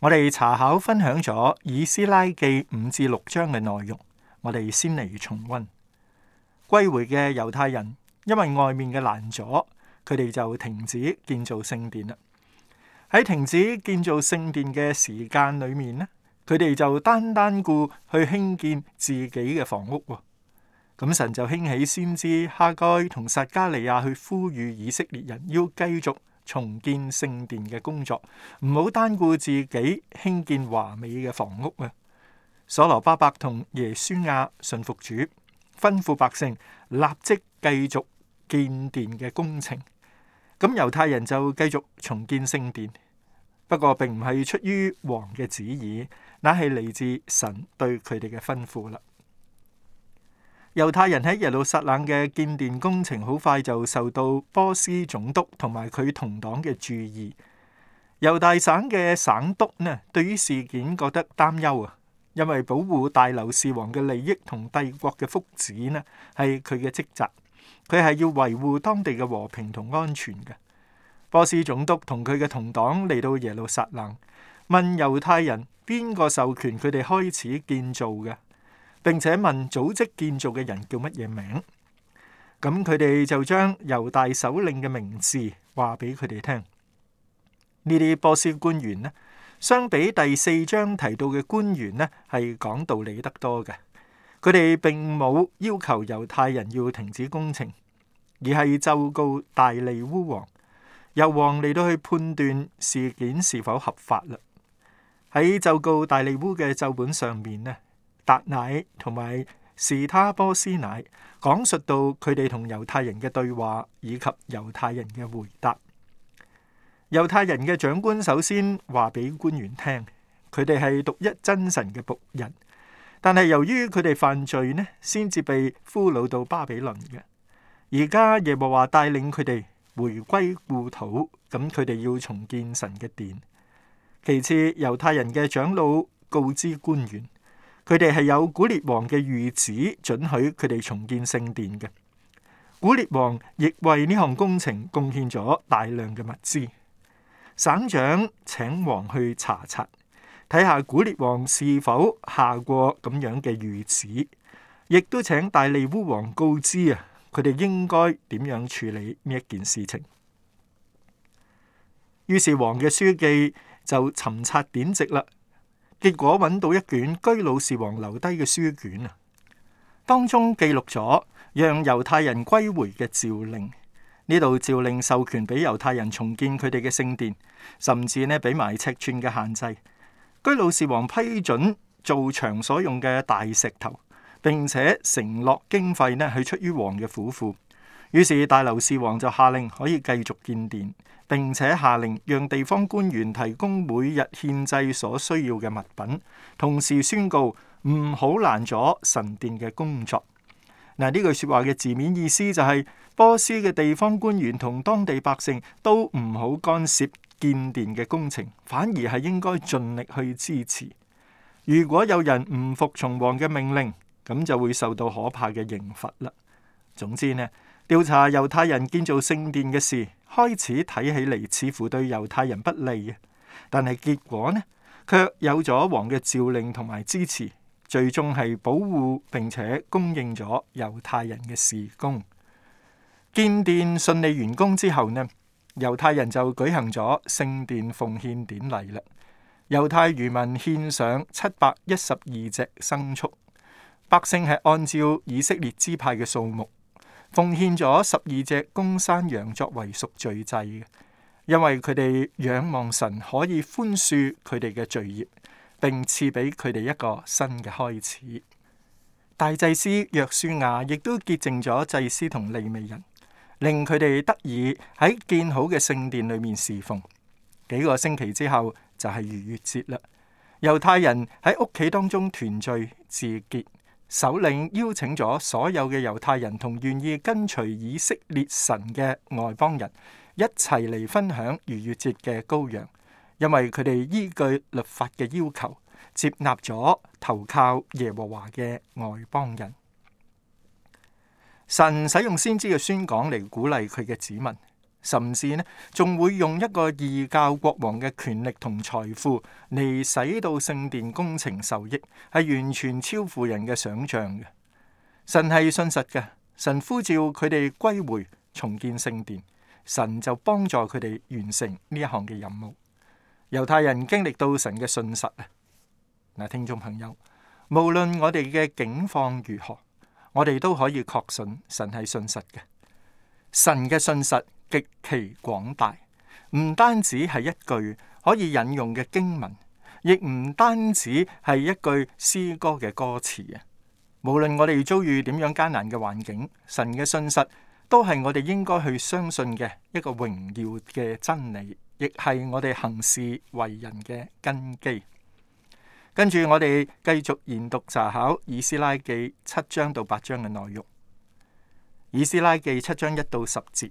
我哋查考分享咗以斯拉記五至六章嘅內容，我哋先嚟重温。歸回嘅猶太人因為外面嘅攔阻，佢哋就停止建造聖殿啦。喺停止建造聖殿嘅時間裏面呢，佢哋就單單顧去興建自己嘅房屋。咁神就興起先知哈該同撒迦利亞去呼籲以色列人要繼續。重建聖殿嘅工作，唔好單顧自己興建華美嘅房屋啊！所羅巴伯同耶書亞信服主，吩咐百姓立即繼續建殿嘅工程。咁猶太人就繼續重建聖殿，不過並唔係出於王嘅旨意，那係嚟自神對佢哋嘅吩咐啦。猶太人喺耶路撒冷嘅建殿工程好快就受到波斯總督同埋佢同黨嘅注意。猶大省嘅省督呢，對於事件覺得擔憂啊，因為保護大流士王嘅利益同帝國嘅福祉呢，係佢嘅職責。佢係要維護當地嘅和平同安全嘅。波斯總督同佢嘅同黨嚟到耶路撒冷，問猶太人邊個授權佢哋開始建造嘅。並且問組織建造嘅人叫乜嘢名？咁佢哋就將猶大首領嘅名字話俾佢哋聽。呢啲波斯官員呢，相比第四章提到嘅官員呢，係講道理得多嘅。佢哋並冇要求猶太人要停止工程，而係奏告大利烏王，由王嚟到去判斷事件是否合法啦。喺奏告大利烏嘅奏本上面呢。達乃同埋士他波斯乃，講述到佢哋同猶太人嘅對話以及猶太人嘅回答。猶太人嘅長官首先話俾官員聽，佢哋係獨一真神嘅僕人，但係由於佢哋犯罪呢，先至被俘虜到巴比倫嘅。而家耶和華帶領佢哋回歸故土，咁佢哋要重建神嘅殿。其次，猶太人嘅長老告知官員。佢哋係有古列王嘅御旨准許佢哋重建聖殿嘅。古列王亦為呢項工程貢獻咗大量嘅物資。省長請王去查察，睇下古列王是否下過咁樣嘅御旨，亦都請大利烏王告知啊，佢哋應該點樣處理呢一件事情。於是王嘅書記就尋查典籍啦。結果揾到一卷居魯士王留低嘅書卷啊，當中記錄咗讓猶太人歸回嘅詔令，呢度詔令授權俾猶太人重建佢哋嘅聖殿，甚至呢，俾埋尺寸嘅限制。居魯士王批准造牆所用嘅大石頭，並且承諾經費呢係出於王嘅府庫。於是大流士王就下令可以繼續建殿，並且下令讓地方官員提供每日獻祭所需要嘅物品，同時宣告唔好攔阻神殿嘅工作。嗱，呢句説話嘅字面意思就係波斯嘅地方官員同當地百姓都唔好干涉建殿嘅工程，反而係應該盡力去支持。如果有人唔服從王嘅命令，咁就會受到可怕嘅刑罰啦。總之呢。調查猶太人建造聖殿嘅事，開始睇起嚟似乎對猶太人不利，但係結果呢，卻有咗王嘅詔令同埋支持，最終係保護並且供應咗猶太人嘅事工。建殿順利完工之後呢，猶太人就舉行咗聖殿奉獻典禮啦。猶太漁民獻上七百一十二隻牲畜，百姓係按照以色列支派嘅數目。奉獻咗十二隻公山羊作為贖罪祭嘅，因為佢哋仰望神可以寬恕佢哋嘅罪孽，並賜俾佢哋一個新嘅開始。大祭司約書亞亦都潔淨咗祭司同利未人，令佢哋得以喺建好嘅聖殿裏面侍奉。幾個星期之後就係逾越節啦，猶太人喺屋企當中團聚自潔。首領邀請咗所有嘅猶太人同願意跟隨以色列神嘅外邦人一齊嚟分享逾越節嘅羔羊，因為佢哋依據律法嘅要求，接納咗投靠耶和華嘅外邦人。神使用先知嘅宣講嚟鼓勵佢嘅子民。甚至呢，仲會用一個異教國王嘅權力同財富嚟使到聖殿工程受益，係完全超乎人嘅想象嘅。神係信實嘅，神呼召佢哋歸回重建聖殿，神就幫助佢哋完成呢一項嘅任務。猶太人經歷到神嘅信實啊！嗱，聽眾朋友，無論我哋嘅境況如何，我哋都可以確信神係信實嘅，神嘅信實，極其廣大，唔單止係一句可以引用嘅經文，亦唔單止係一句詩歌嘅歌詞啊。無論我哋遭遇點樣艱難嘅環境，神嘅信實都係我哋應該去相信嘅一個榮耀嘅真理，亦係我哋行事為人嘅根基。跟住我哋繼續研讀查考以斯拉記七章到八章嘅內容，以斯拉記七章一到十節。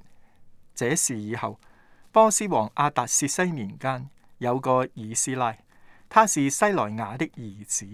這事以後，波斯王阿達薛西年間有個以斯拉，他是西萊雅的兒子，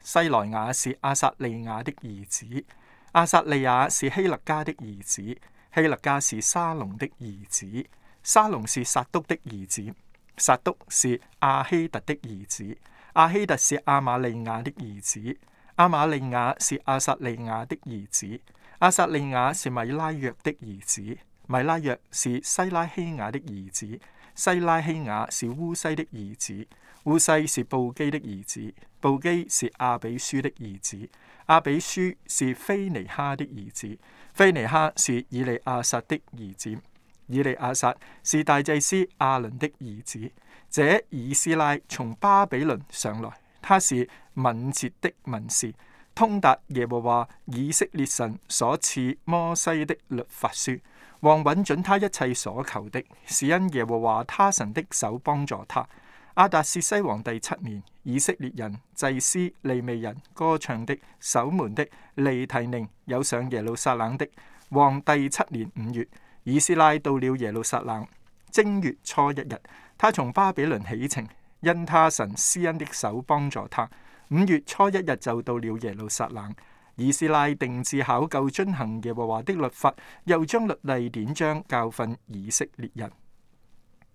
西萊雅是阿薩利亞的兒子，阿薩利亞是希勒家的兒子，希勒家是沙龍的兒子，沙龍是撒督的兒子，撒督是阿希特的兒子，阿希特是阿瑪利亞的兒子，阿瑪利亞是阿薩利亞的兒子，阿薩利亞是米拉約的兒子。米拉約是西拉希雅的兒子，西拉希雅是烏西的兒子，烏西是布基的兒子，布基是阿比書的兒子，阿比書是菲尼哈的兒子，菲尼哈是以利亞撒的兒子，以利亞撒是大祭司亞倫的兒子。這以斯拉從巴比倫上來，他是敏捷的文士，通達耶和華以色列神所賜摩西的律法書。王允准他一切所求的，是因耶和華他神的手幫助他。阿達薛西，王第七年，以色列人祭司利未人歌唱的守門的利提寧，有上耶路撒冷的。王第七年五月，以斯拉到了耶路撒冷。正月初一日，他從巴比倫起程，因他神施恩的手幫助他。五月初一日就到了耶路撒冷。以斯拉定志考究遵行耶和華的律法，又將律例典章教訓以色列人。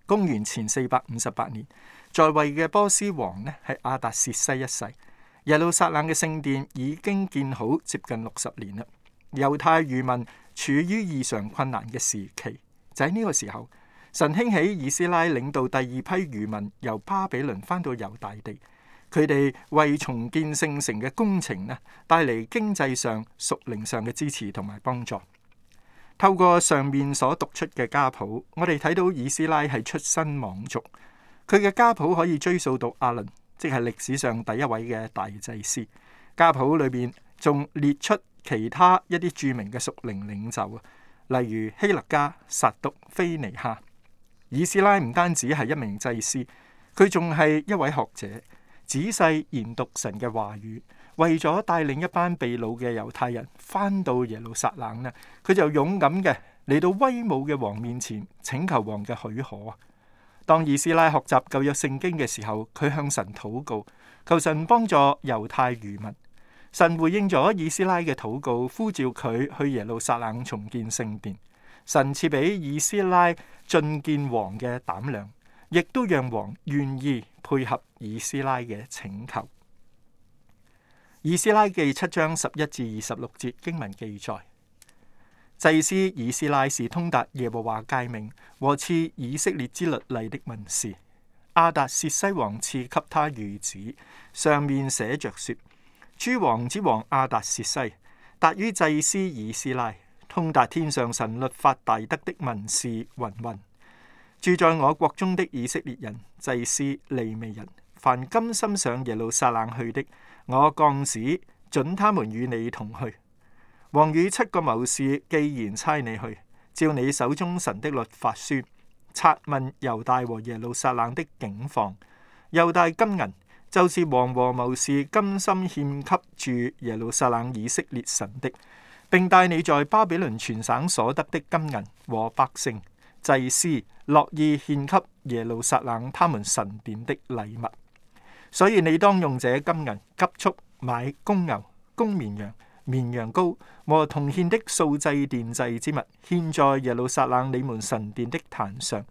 公元前四百五十八年，在位嘅波斯王呢係亞達薛西一世。耶路撒冷嘅聖殿已經建好接近六十年啦。猶太遺民處於異常困難嘅時期，就喺呢個時候，神興起以斯拉領導第二批遺民由巴比倫翻到猶大地。佢哋為重建聖城嘅工程咧，帶嚟經濟上、屬靈上嘅支持同埋幫助。透過上面所讀出嘅家譜，我哋睇到以斯拉係出身望族。佢嘅家譜可以追溯到阿倫，即係歷史上第一位嘅大祭司。家譜裏面仲列出其他一啲著名嘅屬靈領袖啊，例如希勒加、撒督、菲尼哈。以斯拉唔單止係一名祭司，佢仲係一位學者。仔細研讀神嘅話語，為咗帶領一班被擄嘅猶太人翻到耶路撒冷咧，佢就勇敢嘅嚟到威武嘅王面前請求王嘅許可。當以斯拉學習舊約聖經嘅時候，佢向神禱告，求神幫助猶太人民。神回應咗以斯拉嘅禱告，呼召佢去耶路撒冷重建聖殿。神賜俾以斯拉進見王嘅膽量。亦都讓王願意配合以斯拉嘅請求。以斯拉記七章十一至二十六節經文記載，祭司以斯拉是通達耶和華誡命和賜以色列之律例的文士。亞達薛西王賜給他諭旨，上面寫着說：諸王之王亞達薛西，達於祭司以斯拉，通達天上神律法大德的文士云云。住在我國中的以色列人祭司利未人，凡甘心上耶路撒冷去的，我降旨准他們與你同去。王與七個謀士既然差你去，照你手中神的律法書，察問猶大和耶路撒冷的境況。猶大金銀就是王和謀士甘心獻給住耶路撒冷以色列神的，並帶你在巴比倫全省所得的金銀和百姓。祭司樂意獻給耶路撒冷他們神殿的禮物，所以你當用這金銀急速買公牛、公綿羊、綿羊羔和同獻的素祭奠祭之物，獻在耶路撒冷你們神殿的壇上。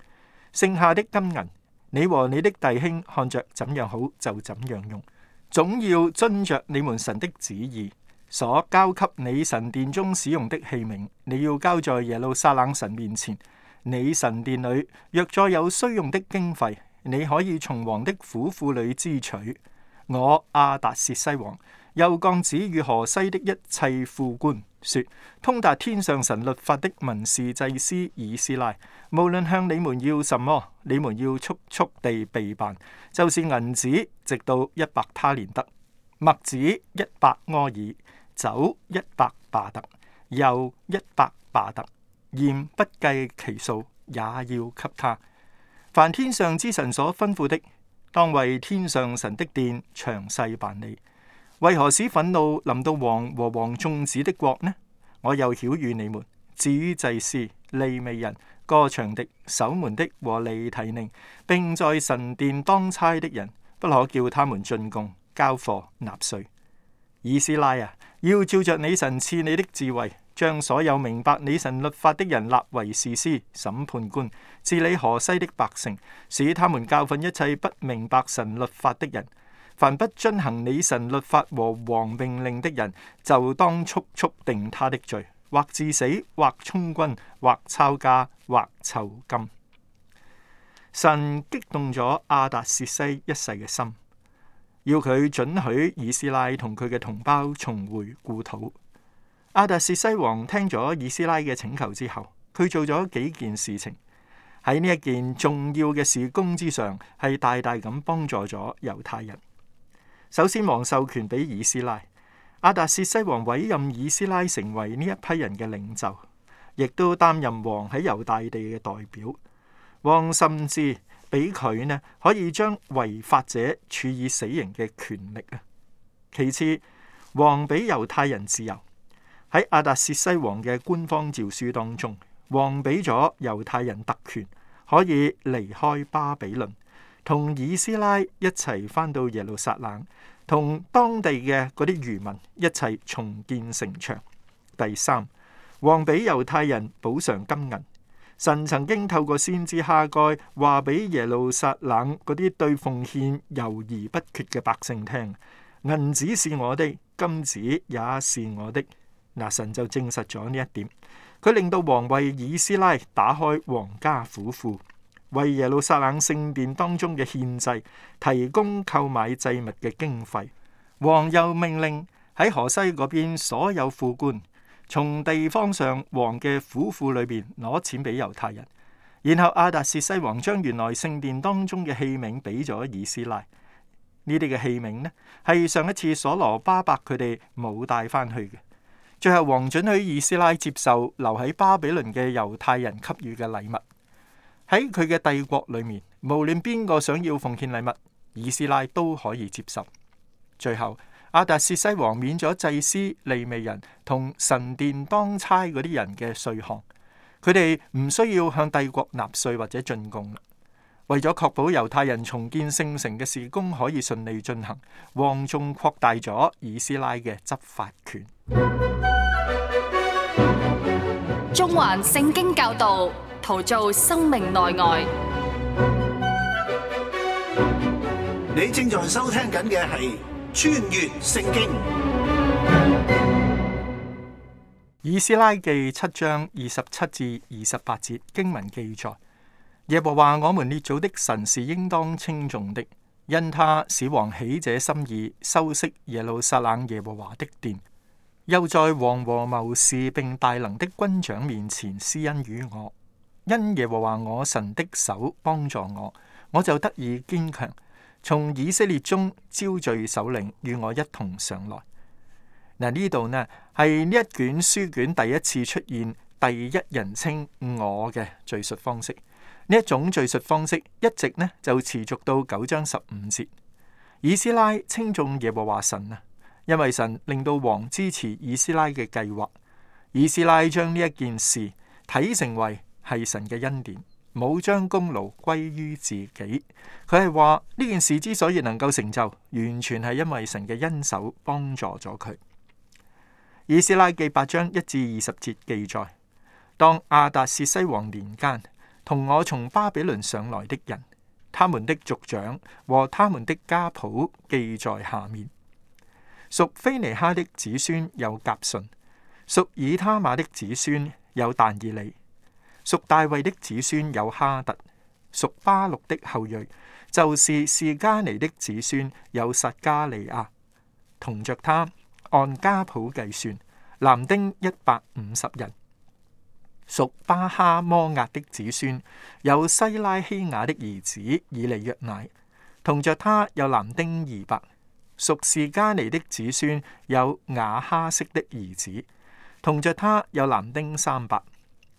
剩下的金銀，你和你的弟兄看着怎樣好就怎樣用，總要遵着你們神的旨意，所交給你神殿中使用的器皿，你要交在耶路撒冷神面前。你神殿裏若再有需用的經費，你可以從王的府庫裏支取。我阿達薛西王又降旨與河西的一切副官，說：通達天上神律法的文士祭司以斯拉，無論向你們要什麼，你們要速速地備辦。就是銀子，直到一百他連得；麥子一百柯珥；酒一百巴特；油一百巴特。言不計其數，也要給他。凡天上之神所吩咐的，當為天上神的殿詳細辦理。為何使憤怒臨到王和王眾子的國呢？我又曉諭你們：至於祭司、利未人、歌唱的、守門的和利提寧，並在神殿當差的人，不可叫他們進貢、交貨、納稅。以斯拉啊，要照着你神賜你的智慧。將所有明白你神律法的人立為士師、審判官、治理河西的百姓，使他們教訓一切不明白神律法的人。凡不遵行你神律法和王命令的人，就當速速定他的罪，或致死，或充軍，或抄家，或囚禁。神激動咗亞達薛西一世嘅心，要佢准許以斯拉同佢嘅同胞重回故土。阿達薛西王聽咗以斯拉嘅請求之後，佢做咗幾件事情喺呢一件重要嘅事工之上，係大大咁幫助咗猶太人。首先，王授權俾以斯拉，阿達薛西王委任以斯拉成為呢一批人嘅領袖，亦都擔任王喺猶大地嘅代表。王甚至俾佢呢，可以將違法者處以死刑嘅權力啊。其次，王俾猶太人自由。喺阿達薛西王嘅官方詔書當中，王俾咗猶太人特權，可以離開巴比倫，同以斯拉一齊翻到耶路撒冷，同當地嘅嗰啲漁民一齊重建城牆。第三，王俾猶太人補償金銀。神曾經透過先知哈該話俾耶路撒冷嗰啲對奉獻猶豫不決嘅百姓聽：銀子是我的，金子也是我的。嗱，神就證實咗呢一點，佢令到王為以斯拉打開皇家府庫，為耶路撒冷聖殿當中嘅獻祭提供購買祭物嘅經費。王又命令喺河西嗰邊所有副官，從地方上王嘅府庫裏面攞錢俾猶太人。然後亞達薛西王將原來聖殿當中嘅器皿俾咗以斯拉。呢啲嘅器皿呢，係上一次所羅巴伯佢哋冇帶翻去嘅。最後，王准許以斯拉接受留喺巴比倫嘅猶太人給予嘅禮物。喺佢嘅帝國裏面，無論邊個想要奉獻禮物，以斯拉都可以接受。最後，阿達薛西王免咗祭司、利未人同神殿當差嗰啲人嘅稅項，佢哋唔需要向帝國納稅或者進貢。為咗確保猶太人重建聖城嘅事工可以順利進行，王眾擴大咗以斯拉嘅執法權。中環聖經教導，陶造生命內外。你正在收聽緊嘅係《穿越聖經》。以斯拉記七章二十七至二十八節經文記載。耶和華，我們列祖的神是應當稱頌的，因他使王起者心意，修飾耶路撒冷耶和華的殿，又在王和謀士並大能的軍長面前施恩於我，因耶和華我神的手幫助我，我就得以堅強。從以色列中招聚首領與我一同上來。嗱呢度呢係呢一卷書卷第一次出現第一人稱我嘅敘述方式。呢一種敘述方式一直呢就持續到九章十五節。以斯拉稱頌耶和華神啊，因為神令到王支持以斯拉嘅計劃。以斯拉將呢一件事睇成為係神嘅恩典，冇將功勞歸於自己。佢係話呢件事之所以能夠成就，完全係因為神嘅恩手幫助咗佢。以斯拉記八章一至二十節記載，當亞達薛西王年間。同我從巴比倫上來的人，他們的族長和他們的家譜記在下面。屬非尼哈的子孫有甲順，屬以他瑪的子孫有但以理，屬大衛的子孫有哈特，屬巴錄的後裔就是示加尼的子孫有撒加利亞，同着他按家譜計算，男丁一百五十人。屬巴哈摩亞的子孫有西拉希亞的兒子以利約乃，同着他有男丁二百。屬士加尼的子孫有亞哈色的兒子，同着他有男丁三百。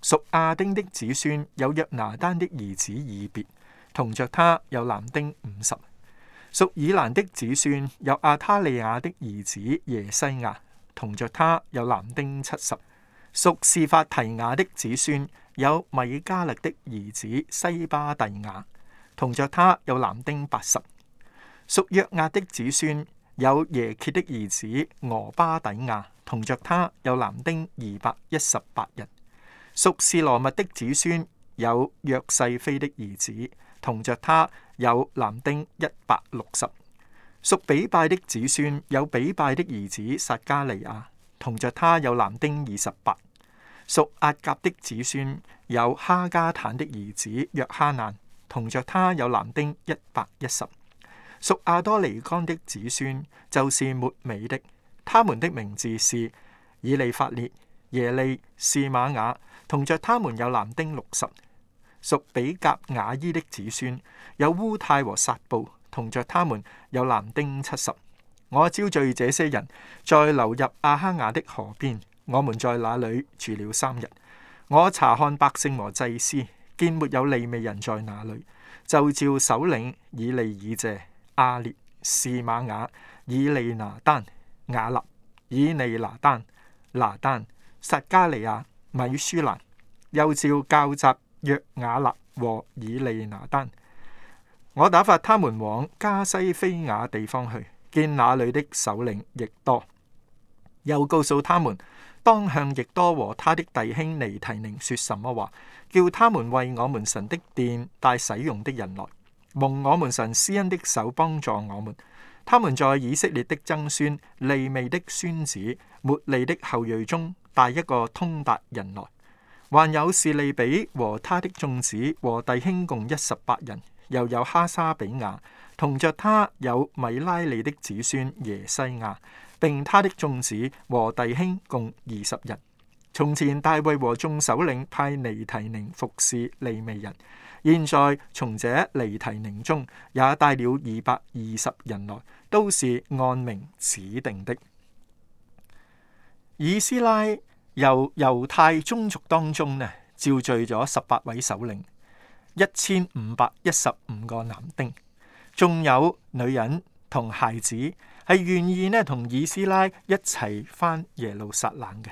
屬亞丁的子孫有約拿丹的兒子以別，同着他有男丁五十。屬以蘭的子孫有阿他利亞的兒子耶西亞，同着他有男丁七十。屬示法提雅的子孫有米加勒的兒子西巴蒂亞，同着他有男丁八十。屬約亞的子孫有耶歇的兒子俄巴底亞，同着他有男丁二百一十八人。屬士羅密的子孫有約細非的兒子，同着他有男丁一百六十。屬比拜的子孫有比拜的兒子撒加利亞，同着他有男丁二十八。屬亞甲的子孫有哈加坦的兒子約哈難，同着他有男丁一百一十。屬亞多尼剛的子孫就是末尾的，他們的名字是以利法列、耶利、士瑪雅，同着他們有男丁六十。屬比甲雅伊的子孫有烏泰和撒布，同着他們有男丁七十。我招聚這些人，在流入亞哈亞的河邊。我們在那裏住了三日。我查看百姓和祭司，見沒有利未人在那裏，就召首領以利以謝、阿列、士瑪雅、以利拿丹、雅立、以利拿丹、拿丹、撒加利亞、米舒蘭，又召教習約，約雅立和以利拿丹。我打發他們往加西非雅地方去，見那裏的首領亦多，又告訴他們。當向亦多和他的弟兄尼提寧說什麼話，叫他們為我們神的殿帶使用的人來，蒙我們神施恩的手幫助我們。他們在以色列的曾孫利未的孫子抹利的後裔中帶一個通達人來，還有示利比和他的眾子和弟兄共一十八人，又有哈沙比雅同着他有米拉利的子孫耶西亞。並他的眾子和弟兄共二十人。從前大衛和眾首領派尼提寧服侍利未人，現在從這尼提寧中也帶了二百二十人來，都是按名指定的。以斯拉由猶太宗族當中呢召聚咗十八位首領，一千五百一十五個男丁，仲有女人。同孩子係願意咧，同以斯拉一齊翻耶路撒冷嘅，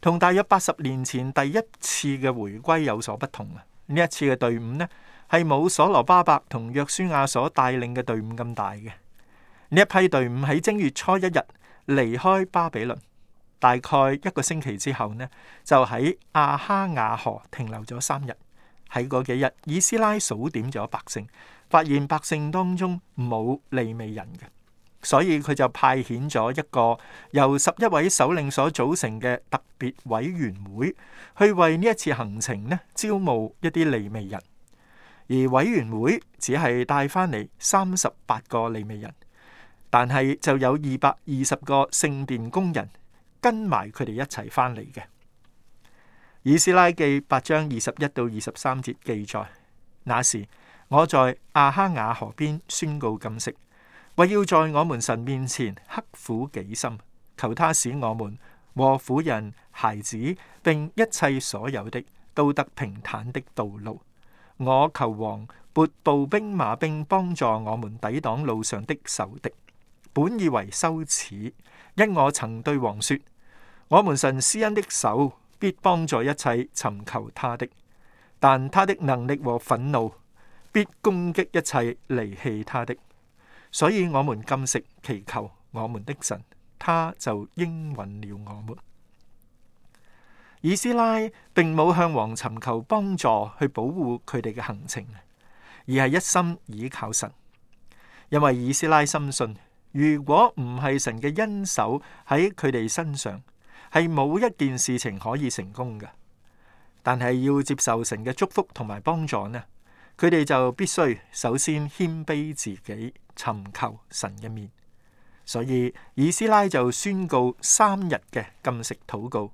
同大約八十年前第一次嘅回歸有所不同啊！呢一次嘅隊伍呢，係冇所羅巴伯同約書亞所帶領嘅隊伍咁大嘅。呢一批隊伍喺正月初一日離開巴比倫，大概一個星期之後呢，就喺亞哈瓦河停留咗三日。喺嗰幾日，以斯拉數點咗百姓。發現百姓當中冇利未人嘅，所以佢就派遣咗一個由十一位首領所組成嘅特別委員會，去為呢一次行程呢招募一啲利未人。而委員會只係帶翻嚟三十八個利未人，但係就有二百二十個聖殿工人跟埋佢哋一齊翻嚟嘅。以斯拉記八章二十一到二十三節記載，那時。我在阿哈雅河邊宣告禁食，為要在我們神面前刻苦己心，求他使我們和婦人、孩子並一切所有的都得平坦的道路。我求王撥步兵馬兵，兵幫助我們抵擋路上的仇敵。本以為羞恥，因我曾對王說：我們神施恩的手必幫助一切尋求他的，但他的能力和憤怒。必攻擊一切離棄他的，所以我們禁食祈求我們的神，他就應允了我們。以斯拉並冇向王尋求幫助去保護佢哋嘅行程，而係一心倚靠神，因為以斯拉深信，如果唔係神嘅恩手喺佢哋身上，係冇一件事情可以成功嘅。但係要接受神嘅祝福同埋幫助呢？佢哋就必須首先謙卑自己，尋求神嘅面。所以以斯拉就宣告三日嘅禁食禱告，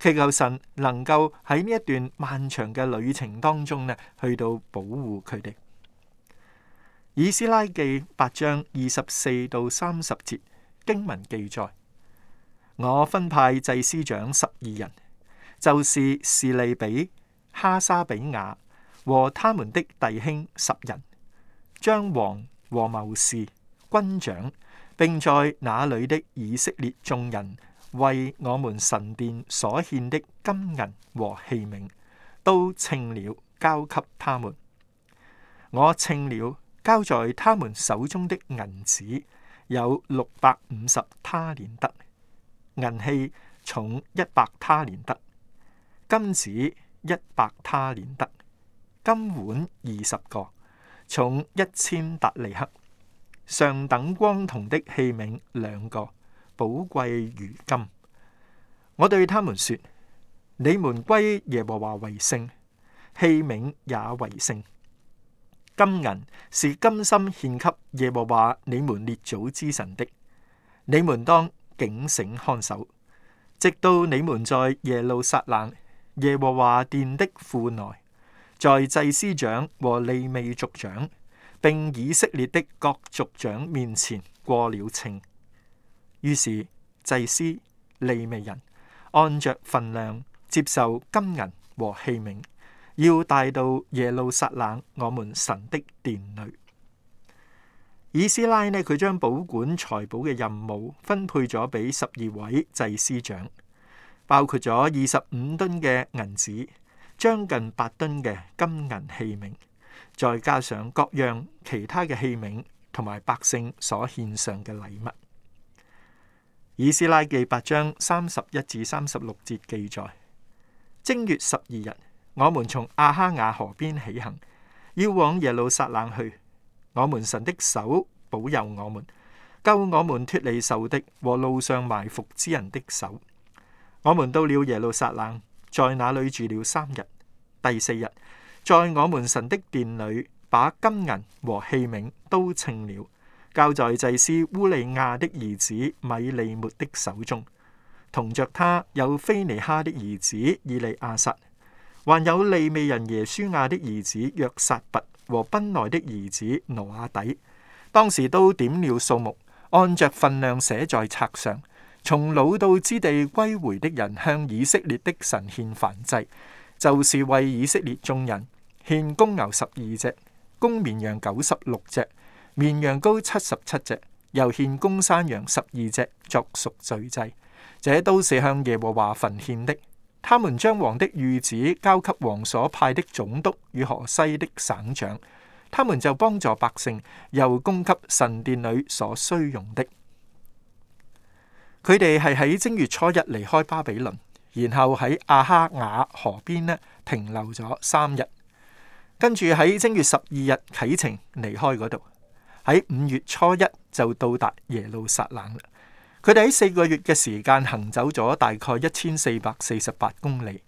祈求神能夠喺呢一段漫長嘅旅程當中咧，去到保護佢哋。以斯拉記八章二十四到三十節經文記載：我分派祭司長十二人，就是士利比、哈沙比雅。和他們的弟兄十人，將王和謀士、軍長，並在那裡的以色列眾人為我們神殿所獻的金銀和器皿，都稱了交給他們。我稱了交在他們手中的銀子有六百五十他連得，銀器重一百他連得，金子一百他連得。金碗二十個，重一千達利克；上等光銅的器皿兩個，寶貴如金。我對他們說：你們歸耶和華為聖，器皿也為聖。金銀是甘心獻給耶和華你們列祖之神的，你們當警醒看守，直到你們在耶路撒冷耶和華殿的庫內。在祭司長和利未族長，並以色列的各族長面前過了秤，於是祭司、利未人按着份量接受金銀和器皿，要帶到耶路撒冷我們神的殿裏。以斯拉呢？佢將保管財寶嘅任務分配咗俾十二位祭司長，包括咗二十五噸嘅銀紙。將近八噸嘅金銀器皿，再加上各樣其他嘅器皿，同埋百姓所獻上嘅禮物。以斯拉記八章三十一至三十六節記載：正月十二日，我們從亞哈瓦河邊起行，要往耶路撒冷去。我們神的手保佑我們，救我們脫離仇敵，和路上埋伏之人的手。我們到了耶路撒冷。在那裡住了三日，第四日，在我們神的殿裏，把金銀和器皿都稱了，交在祭司烏利亞的兒子米利末的手中，同着他有非尼哈的兒子以利亞撒，還有利未人耶書亞的兒子約撒拔和賓來的兒子挪亞底，當時都點了數目，按着分量寫在冊上。從老道之地歸回的人，向以色列的神獻燔祭，就是為以色列眾人獻公牛十二隻、公綿羊九十六隻、綿羊羔七十七隻，又獻公山羊十二隻作贖罪祭。這都是向耶和華焚獻的。他們將王的諭旨交給王所派的總督與河西的省長，他們就幫助百姓，又供給神殿裏所需用的。佢哋係喺正月初一離開巴比倫，然後喺阿哈雅河邊咧停留咗三日，跟住喺正月十二日啟程離開嗰度，喺五月初一就到達耶路撒冷。佢哋喺四個月嘅時間行走咗大概一千四百四十八公里，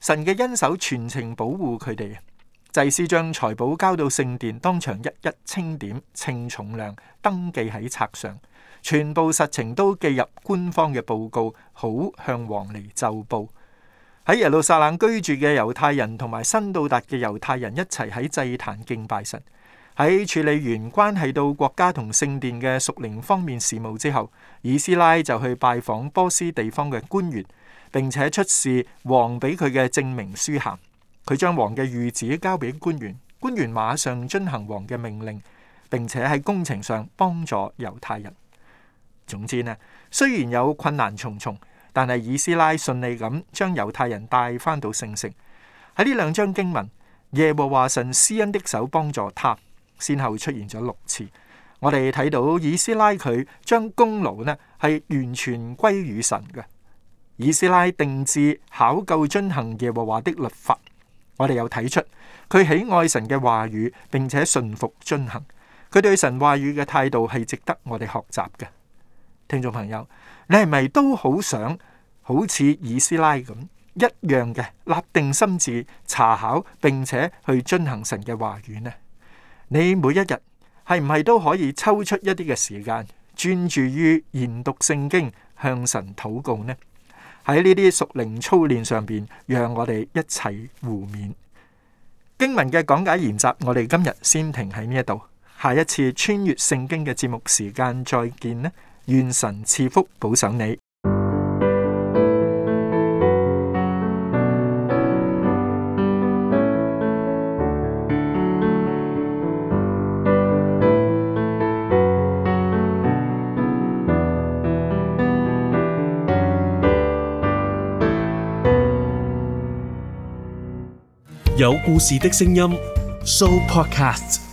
神嘅恩手全程保護佢哋。祭司將財寶交到聖殿，當場一一清點、稱重量、登記喺冊上。全部實情都記入官方嘅報告，好向王嚟奏報。喺耶路撒冷居住嘅猶太人同埋新到達嘅猶太人一齊喺祭壇敬拜神。喺處理完關係到國家同聖殿嘅屬靈方面事務之後，以斯拉就去拜訪波斯地方嘅官員，並且出示王俾佢嘅證明書函。佢將王嘅御旨交俾官員，官員馬上遵行王嘅命令，並且喺工程上幫助猶太人。總之呢，雖然有困難重重，但係以斯拉順利咁將猶太人帶翻到聖城。喺呢兩張經文，耶和華神施恩的手幫助他，先後出現咗六次。我哋睇到以斯拉佢將功勞呢係完全歸於神嘅。以斯拉定志考究遵行耶和華的律法，我哋又睇出佢喜愛神嘅話語，並且順服遵行。佢對神話語嘅態度係值得我哋學習嘅。聽眾朋友，你係咪都想好想好似以斯拉咁一樣嘅立定心志查考，並且去遵行神嘅話語呢？你每一日係唔係都可以抽出一啲嘅時間，專注於研讀聖經，向神禱告呢？喺呢啲屬靈操練上邊，讓我哋一齊互勉。經文嘅講解研習，我哋今日先停喺呢一度，下一次穿越聖經嘅節目時間再見呢。願神賜福，保守你。有故事的聲音，Show Podcast。